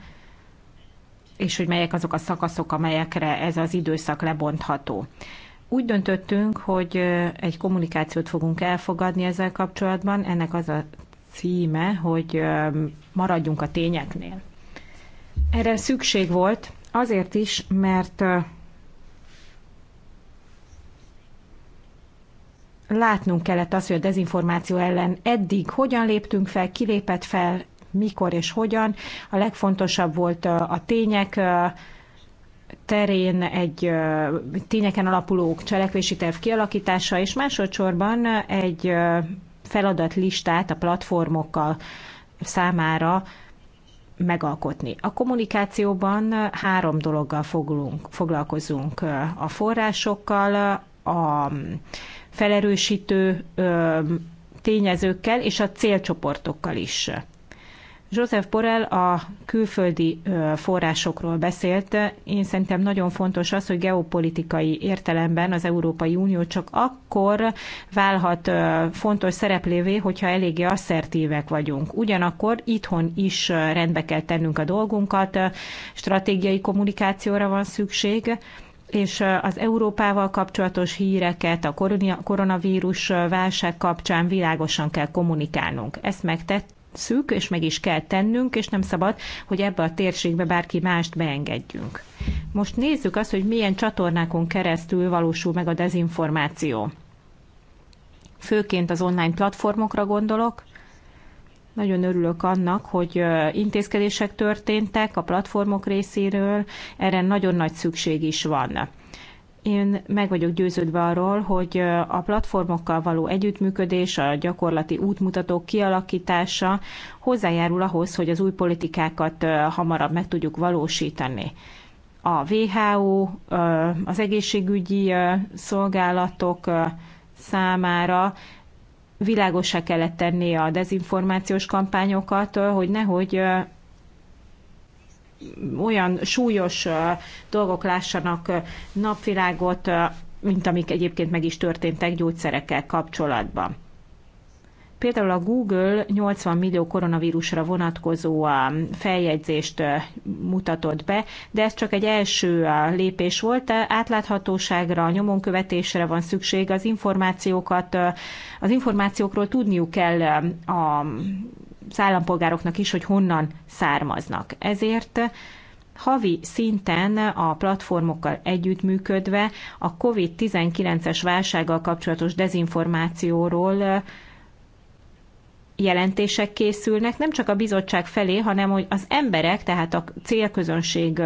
és hogy melyek azok a szakaszok, amelyekre ez az időszak lebontható. Úgy döntöttünk, hogy egy kommunikációt fogunk elfogadni ezzel kapcsolatban. Ennek az a címe, hogy maradjunk a tényeknél. Erre szükség volt azért is, mert látnunk kellett azt, hogy a dezinformáció ellen eddig hogyan léptünk fel, kilépett fel, mikor és hogyan. A legfontosabb volt a tények, terén egy tényeken alapuló cselekvési terv kialakítása, és másodszorban egy feladatlistát a platformokkal számára megalkotni. A kommunikációban három dologgal foglunk, foglalkozunk a forrásokkal, a felerősítő tényezőkkel és a célcsoportokkal is. Joseph Borrell a külföldi forrásokról beszélt. Én szerintem nagyon fontos az, hogy geopolitikai értelemben az Európai Unió csak akkor válhat fontos szereplévé, hogyha eléggé asszertívek vagyunk. Ugyanakkor itthon is rendbe kell tennünk a dolgunkat, stratégiai kommunikációra van szükség, és az Európával kapcsolatos híreket a koronavírus válság kapcsán világosan kell kommunikálnunk. Ezt megtett, tesszük, és meg is kell tennünk, és nem szabad, hogy ebbe a térségbe bárki mást beengedjünk. Most nézzük azt, hogy milyen csatornákon keresztül valósul meg a dezinformáció. Főként az online platformokra gondolok, nagyon örülök annak, hogy intézkedések történtek a platformok részéről, erre nagyon nagy szükség is van. Én meg vagyok győződve arról, hogy a platformokkal való együttműködés, a gyakorlati útmutatók kialakítása hozzájárul ahhoz, hogy az új politikákat hamarabb meg tudjuk valósítani. A WHO, az egészségügyi szolgálatok számára világosá kellett tenni a dezinformációs kampányokat, hogy nehogy olyan súlyos dolgok lássanak napvilágot, mint amik egyébként meg is történtek gyógyszerekkel kapcsolatban. Például a Google 80 millió koronavírusra vonatkozó feljegyzést mutatott be, de ez csak egy első lépés volt. Átláthatóságra, nyomonkövetésre van szükség, az információkat, az információkról tudniuk kell a állampolgároknak is, hogy honnan származnak. Ezért havi szinten a platformokkal együttműködve a COVID-19-es válsággal kapcsolatos dezinformációról jelentések készülnek, nem csak a bizottság felé, hanem hogy az emberek, tehát a célközönség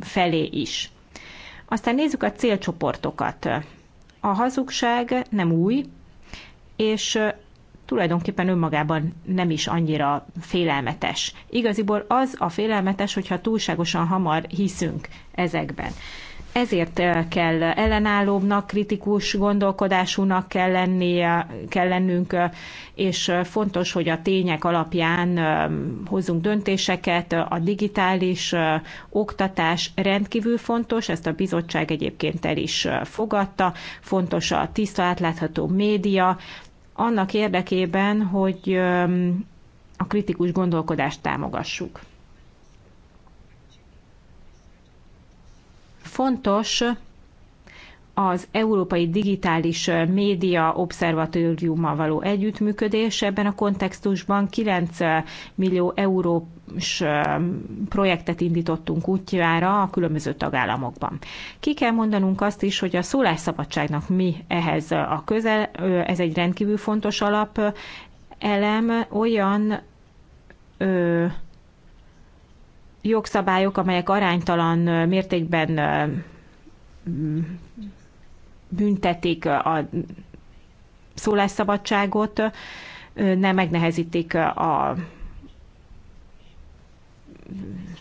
felé is. Aztán nézzük a célcsoportokat. A hazugság nem új, és tulajdonképpen önmagában nem is annyira félelmetes. Igaziból az a félelmetes, hogyha túlságosan hamar hiszünk ezekben. Ezért eh, kell ellenállóbbnak, kritikus gondolkodásúnak kell, lennie, kell lennünk, eh, és eh, fontos, hogy a tények alapján hozzunk döntéseket. A digitális oktatás rendkívül fontos, ezt a bizottság egyébként el is fogadta. Fontos a tiszta átlátható média, annak érdekében, hogy a kritikus gondolkodást támogassuk. Fontos az Európai Digitális Média Obszervatóriummal való együttműködés. Ebben a kontextusban 9 millió eurós projektet indítottunk útjára a különböző tagállamokban. Ki kell mondanunk azt is, hogy a szólásszabadságnak mi ehhez a közel, ez egy rendkívül fontos alap elem, olyan ö, jogszabályok, amelyek aránytalan mértékben büntetik a szólásszabadságot, nem megnehezítik a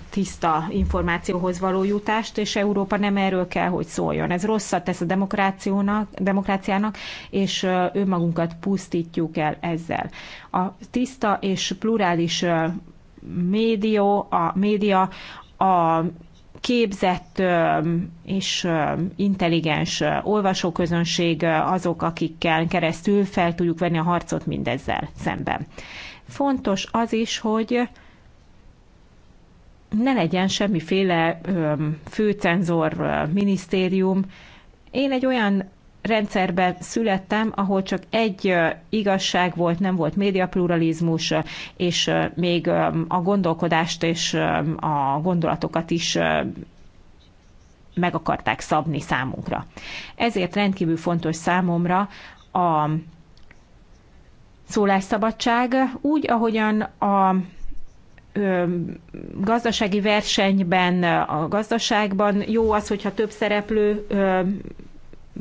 tiszta információhoz való jutást, és Európa nem erről kell, hogy szóljon. Ez rosszat tesz a demokrációnak, demokráciának, és önmagunkat pusztítjuk el ezzel. A tiszta és plurális média, a média a képzett és intelligens olvasóközönség azok, akikkel keresztül fel tudjuk venni a harcot mindezzel szemben. Fontos az is, hogy ne legyen semmiféle főcenzor minisztérium. Én egy olyan rendszerben születtem, ahol csak egy igazság volt, nem volt médiapluralizmus, és még a gondolkodást és a gondolatokat is meg akarták szabni számunkra. Ezért rendkívül fontos számomra a szólásszabadság, úgy, ahogyan a gazdasági versenyben, a gazdaságban jó az, hogyha több szereplő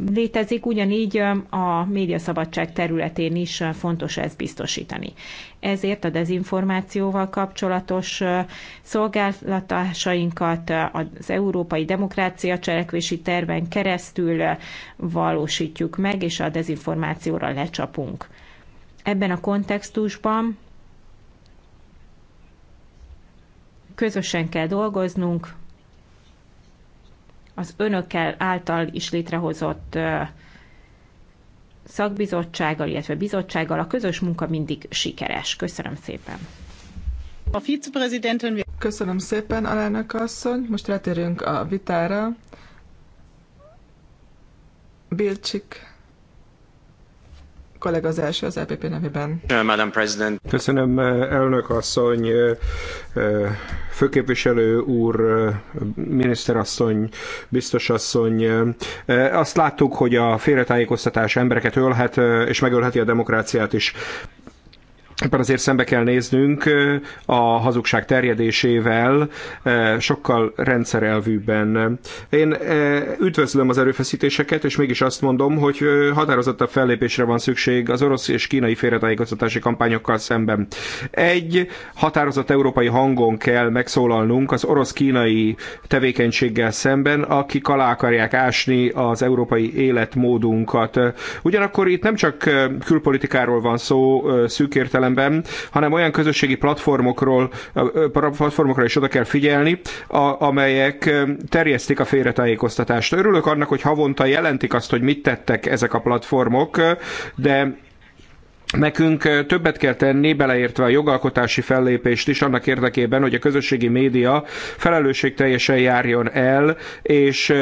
létezik, ugyanígy a médiaszabadság területén is fontos ezt biztosítani. Ezért a dezinformációval kapcsolatos szolgáltatásainkat az Európai Demokrácia Cselekvési Terven keresztül valósítjuk meg, és a dezinformációra lecsapunk. Ebben a kontextusban közösen kell dolgoznunk, az önökkel által is létrehozott szakbizottsággal, illetve bizottsággal a közös munka mindig sikeres. Köszönöm szépen. A vicepräsidentin... Köszönöm szépen, alelnök asszony. Most rátérünk a vitára. Bilcsik kollega az első az EPP nevében. Uh, Madam President. Köszönöm, uh, elnök asszony, uh, főképviselő úr, miniszterasszony, biztosasszony. Azt láttuk, hogy a félretájékoztatás embereket ölhet, és megölheti a demokráciát is. Ebben azért szembe kell néznünk a hazugság terjedésével sokkal rendszerelvűbben. Én üdvözlöm az erőfeszítéseket, és mégis azt mondom, hogy határozottabb fellépésre van szükség az orosz és kínai félretájékoztatási kampányokkal szemben. Egy határozott európai hangon kell megszólalnunk az orosz-kínai tevékenységgel szemben, akik alá akarják ásni az európai életmódunkat. Ugyanakkor itt nem csak külpolitikáról van szó szűkértelem, értelemben, hanem olyan közösségi platformokról, platformokra is oda kell figyelni, a, amelyek terjesztik a félretájékoztatást. Örülök annak, hogy havonta jelentik azt, hogy mit tettek ezek a platformok, de Nekünk többet kell tenni, beleértve a jogalkotási fellépést is annak érdekében, hogy a közösségi média felelősségteljesen járjon el, és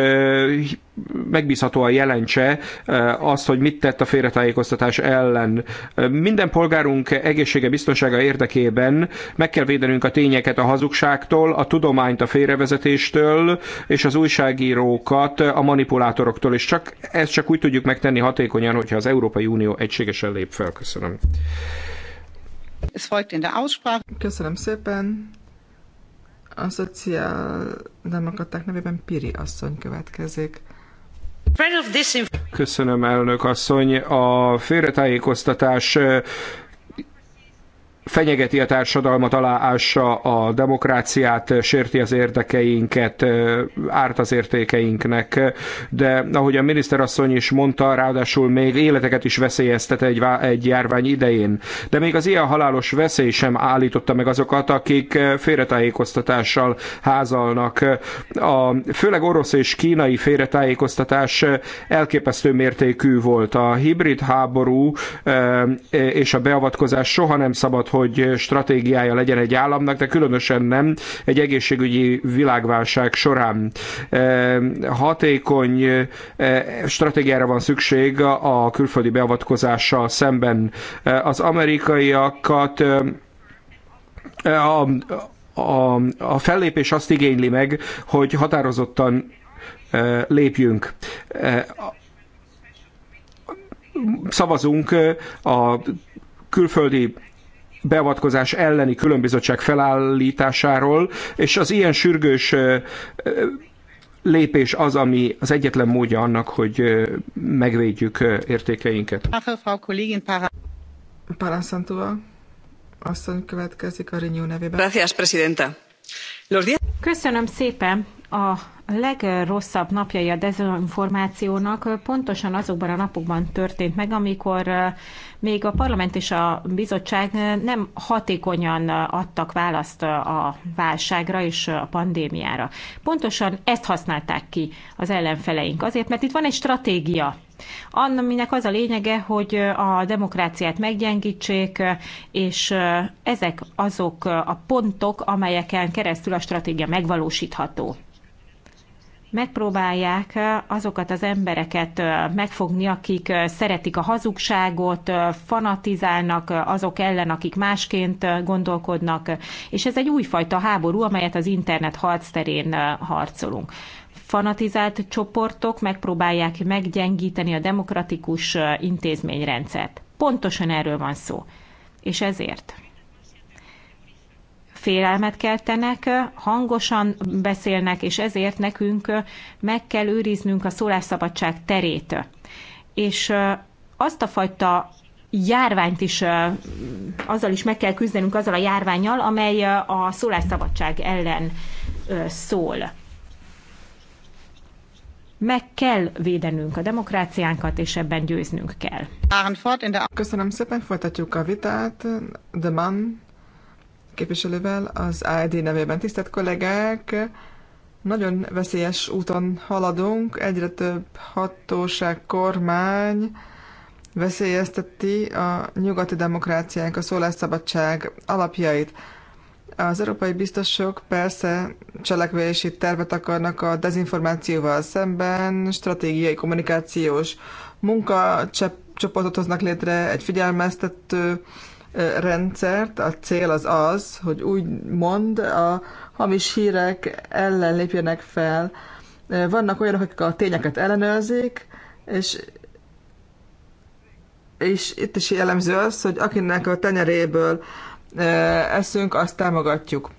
megbízhatóan jelentse eh, azt, hogy mit tett a félretájékoztatás ellen. Eh, minden polgárunk egészsége, biztonsága érdekében meg kell védenünk a tényeket a hazugságtól, a tudományt a félrevezetéstől, és az újságírókat a manipulátoroktól, és csak, ezt csak úgy tudjuk megtenni hatékonyan, hogyha az Európai Unió egységesen lép fel. Köszönöm. Köszönöm szépen. A szociáldemokraták nevében Piri asszony következik. Köszönöm, elnök asszony. A félretájékoztatás fenyegeti a társadalmat, aláássa a demokráciát, sérti az érdekeinket, árt az értékeinknek. De ahogy a miniszterasszony is mondta, ráadásul még életeket is veszélyeztet egy, egy járvány idején. De még az ilyen halálos veszély sem állította meg azokat, akik félretájékoztatással házalnak. A főleg orosz és kínai félretájékoztatás elképesztő mértékű volt. A hibrid háború és a beavatkozás soha nem szabad hogy stratégiája legyen egy államnak, de különösen nem egy egészségügyi világválság során. E, hatékony e, stratégiára van szükség a külföldi beavatkozással szemben. E, az amerikaiakat a, a, a fellépés azt igényli meg, hogy határozottan lépjünk szavazunk a külföldi beavatkozás elleni különbizottság felállításáról, és az ilyen sürgős lépés az, ami az egyetlen módja annak, hogy megvédjük értékeinket. asszony következik a nevében. Köszönöm szépen a a legrosszabb napjai a dezinformációnak pontosan azokban a napokban történt meg, amikor még a parlament és a bizottság nem hatékonyan adtak választ a válságra és a pandémiára. Pontosan ezt használták ki az ellenfeleink. Azért, mert itt van egy stratégia, aminek az a lényege, hogy a demokráciát meggyengítsék, és ezek azok a pontok, amelyeken keresztül a stratégia megvalósítható megpróbálják eh, azokat az embereket eh, megfogni, akik eh, szeretik a hazugságot, fanatizálnak azok ellen, akik másként gondolkodnak, és ez egy újfajta háború, amelyet az internet harc terén harcolunk. Fanatizált csoportok megpróbálják meggyengíteni a demokratikus intézményrendszert. Pontosan erről van szó. És ezért félelmet keltenek, hangosan beszélnek, és ezért nekünk meg kell őriznünk a szólásszabadság terét. És azt a fajta járványt is, azzal is meg kell küzdenünk, azzal a járványjal, amely a szólásszabadság ellen szól. Meg kell védenünk a demokráciánkat, és ebben győznünk kell. Köszönöm szépen, folytatjuk a vitát. The Man képviselővel az ID nevében. Tisztelt kollégák, nagyon veszélyes úton haladunk, egyre több hatóság, kormány veszélyezteti a nyugati demokráciánk, a szólásszabadság alapjait. Az európai biztosok persze cselekvési tervet akarnak a dezinformációval szemben, stratégiai kommunikációs munkacsoportot hoznak létre, egy figyelmeztető rendszert. A cél az az, hogy úgy mond, a hamis hírek ellen lépjenek fel. Vannak olyanok, akik a tényeket ellenőrzik, és és itt is jellemző az, hogy akinek a tenyeréből e, eszünk, azt támogatjuk.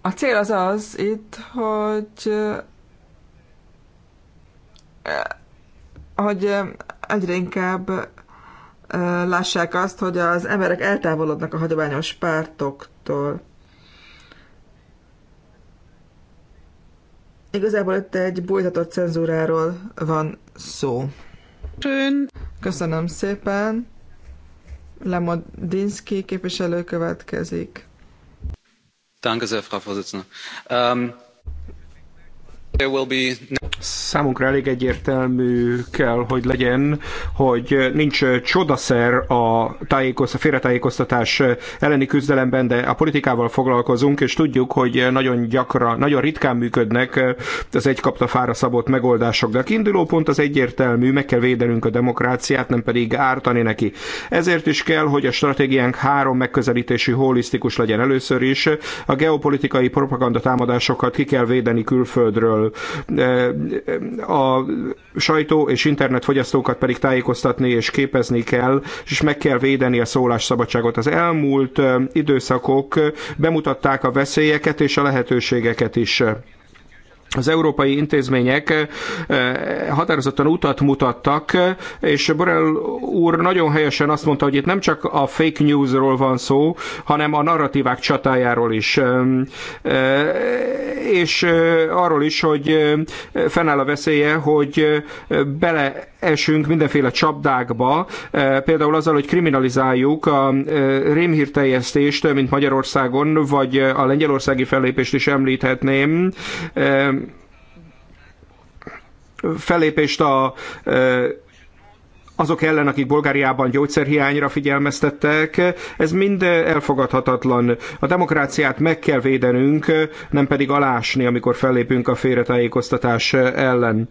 A cél az az itt, hogy e, hogy egyre inkább lássák azt, hogy az emberek eltávolodnak a hagyományos pártoktól. Igazából itt egy bújtatott cenzúráról van szó. Köszönöm szépen. Lemodinsky képviselő következik. Danke sehr, Frau Vorsitzende. Um, there will be számunkra elég egyértelmű kell, hogy legyen, hogy nincs csodaszer a, tájékoz, a félretájékoztatás elleni küzdelemben, de a politikával foglalkozunk, és tudjuk, hogy nagyon gyakran, nagyon ritkán működnek az egy kapta fára szabott megoldások. De a kiinduló pont az egyértelmű, meg kell védenünk a demokráciát, nem pedig ártani neki. Ezért is kell, hogy a stratégiánk három megközelítésű holisztikus legyen először is. A geopolitikai propaganda támadásokat ki kell védeni külföldről a sajtó és internetfogyasztókat pedig tájékoztatni és képezni kell, és meg kell védeni a szólásszabadságot. Az elmúlt időszakok bemutatták a veszélyeket és a lehetőségeket is az európai intézmények eh, eh, határozottan utat mutattak, eh, és Borrell úr nagyon helyesen azt mondta, hogy itt nem csak a fake newsról van szó, hanem a narratívák csatájáról is. Ehm, és arról is, hogy fennáll a veszélye, hogy bele esünk mindenféle csapdákba, eh, például azzal, hogy kriminalizáljuk a eh, rémhírteljesztést, mint Magyarországon, vagy eh, a lengyelországi fellépést is említhetném, fellépést a azok ellen, akik Bulgáriában gyógyszerhiányra figyelmeztettek. Ez mind elfogadhatatlan. A demokráciát meg kell védenünk, nem pedig alásni, amikor fellépünk a félretájékoztatás ellen.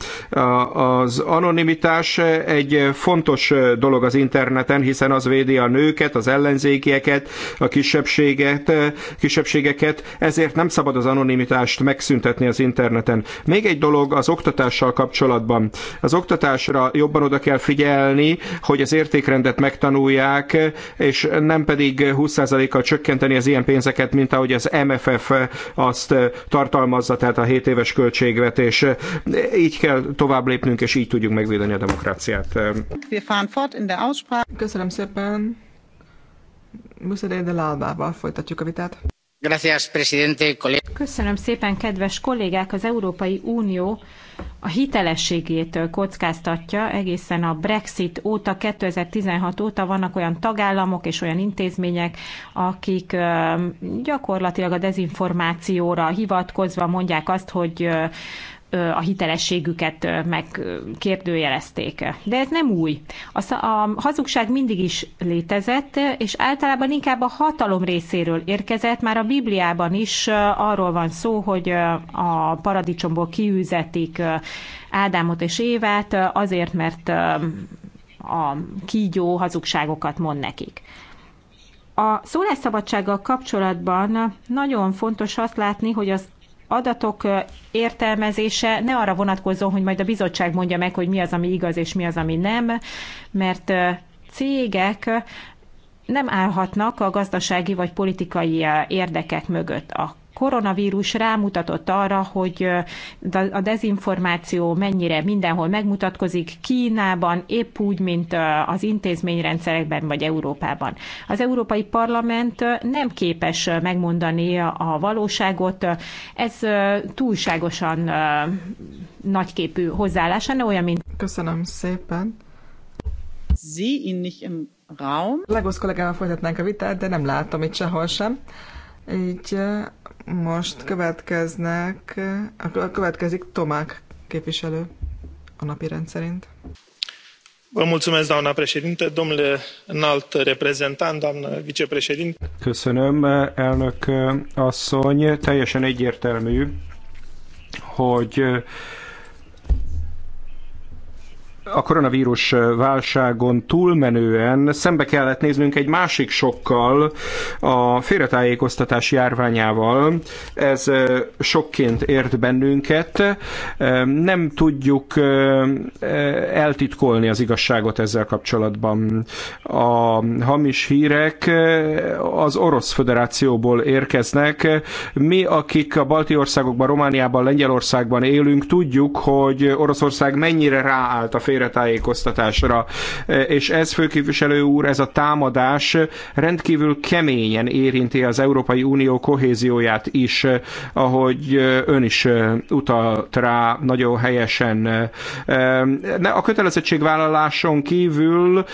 Az anonimitás egy fontos dolog az interneten, hiszen az védi a nőket, az ellenzékieket, a kisebbséget, kisebbségeket, ezért nem szabad az anonimitást megszüntetni az interneten. Még egy dolog az oktatással kapcsolatban. Az oktatásra jobban oda kell figyelni, növelni, hogy az értékrendet megtanulják, és nem pedig 20%-kal csökkenteni az ilyen pénzeket, mint ahogy az MFF azt tartalmazza, tehát a 7 éves költségvetés. Így kell tovább lépnünk, és így tudjuk megvédeni a demokráciát. Köszönöm szépen. Muszedé de Lálbával folytatjuk a vitát. Köszönöm szépen, kedves kollégák! Az Európai Unió a hitelességétől kockáztatja, egészen a Brexit óta, 2016 óta vannak olyan tagállamok és olyan intézmények, akik gyakorlatilag a dezinformációra hivatkozva mondják azt, hogy a hitelességüket megkérdőjelezték. De ez nem új. A, a hazugság mindig is létezett, és általában inkább a hatalom részéről érkezett. Már a Bibliában is arról van szó, hogy a paradicsomból kiűzetik Ádámot és Évát azért, mert a kígyó hazugságokat mond nekik. A szólásszabadsággal kapcsolatban nagyon fontos azt látni, hogy az adatok értelmezése ne arra vonatkozzon, hogy majd a bizottság mondja meg, hogy mi az, ami igaz és mi az, ami nem, mert cégek nem állhatnak a gazdasági vagy politikai érdekek mögött. A koronavírus rámutatott arra, hogy a dezinformáció mennyire mindenhol megmutatkozik Kínában, épp úgy, mint az intézményrendszerekben vagy Európában. Az Európai Parlament nem képes megmondani a valóságot, ez túlságosan nagyképű hozzáállás, ne olyan, mint... Köszönöm szépen. Sie ihn nicht im Raum? Legosz kollégával folytatnánk a vitát, de nem látom itt sehol sem. Így most következnek, következik Tomák képviselő a napi rendszerint. Vă mulțumesc, doamna președinte, domnule înalt reprezentant, doamna vicepreședinte. Köszönöm, elnök asszony. Teljesen egyértelmű, hogy a koronavírus válságon túlmenően szembe kellett néznünk egy másik sokkal, a félretájékoztatás járványával. Ez sokként ért bennünket. Nem tudjuk eltitkolni az igazságot ezzel kapcsolatban. A hamis hírek az Orosz Föderációból érkeznek. Mi, akik a balti országokban, Romániában, Lengyelországban élünk, tudjuk, hogy Oroszország mennyire ráállt a fél félretájékoztatásra. És ez, főképviselő úr, ez a támadás rendkívül keményen érinti az Európai Unió kohézióját is, ahogy ön is utalt rá nagyon helyesen. A kötelezettségvállaláson kívül